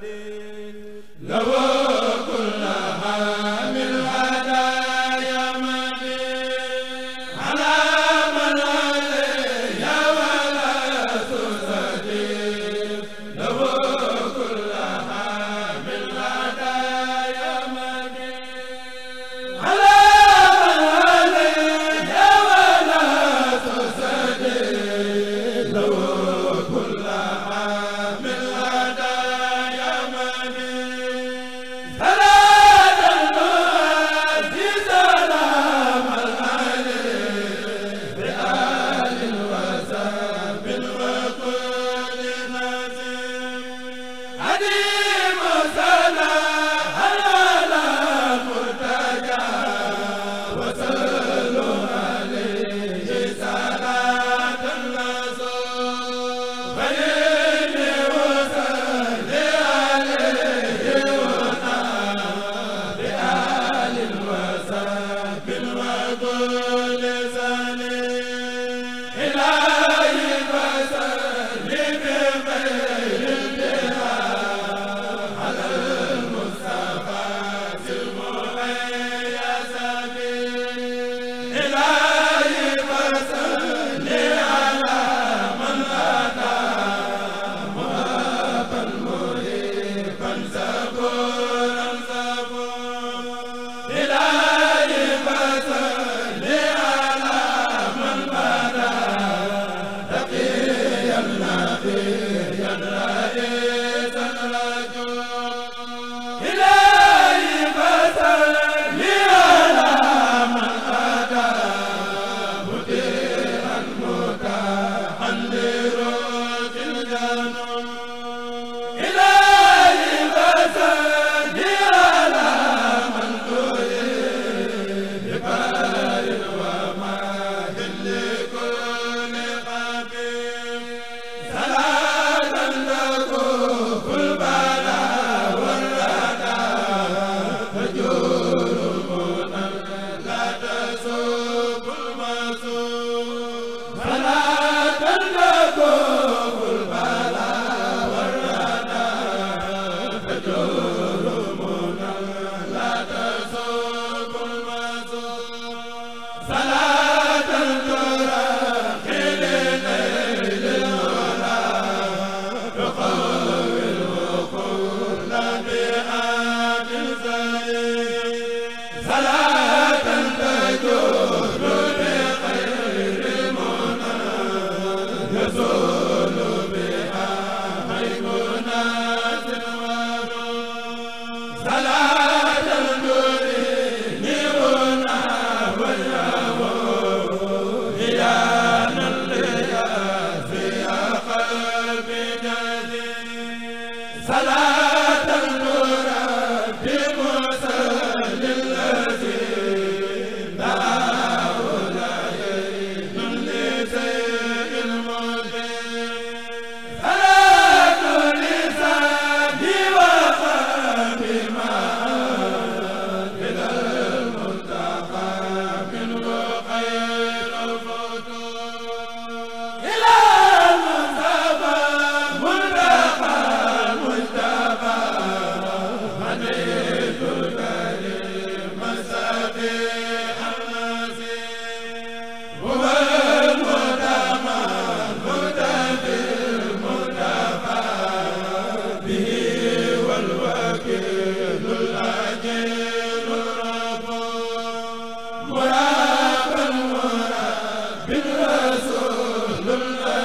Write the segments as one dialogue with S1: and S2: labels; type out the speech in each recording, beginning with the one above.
S1: di Hadi ila salaam lul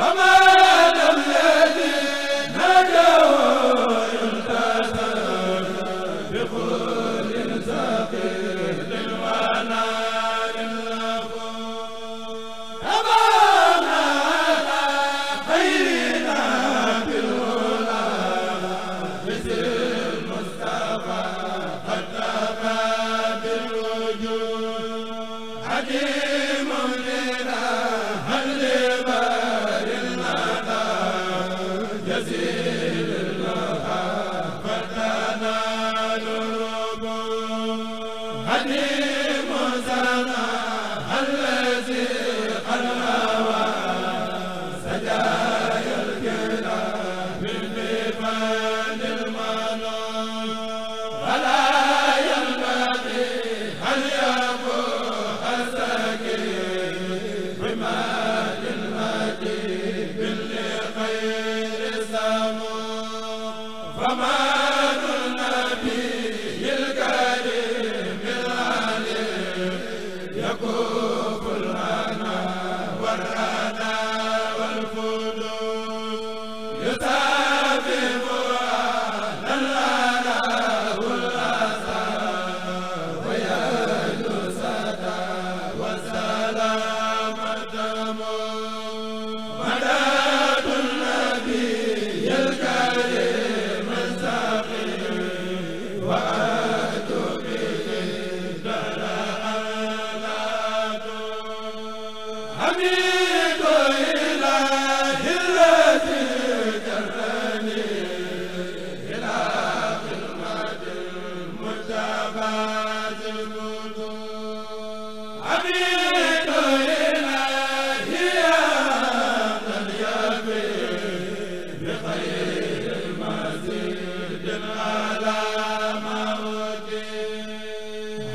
S1: Ama